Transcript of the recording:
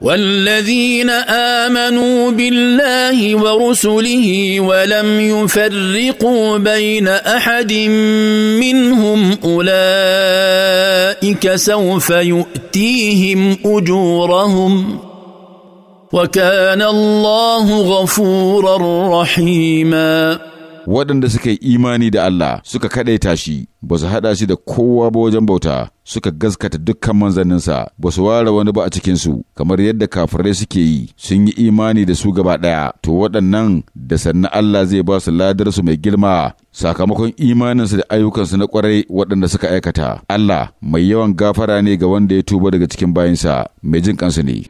والذين امنوا بالله ورسله ولم يفرقوا بين احد منهم اولئك سوف يؤتيهم اجورهم وكان الله غفورا رحيما waɗanda suka yi imani da Allah suka kaɗaita shi ba su haɗa shi da kowa ba wajen bauta suka gaskata dukkan manzanninsa ba su ware wani ba a cikinsu kamar yadda kafirai suke yi sun yi imani da su gaba ɗaya to waɗannan da sannan Allah zai ba su ladarsu mai girma sakamakon imaninsu da ayyukansu na ƙwarai waɗanda suka aikata Allah mai yawan gafara ne ga wanda ya tuba daga cikin bayansa mai jin kansu ne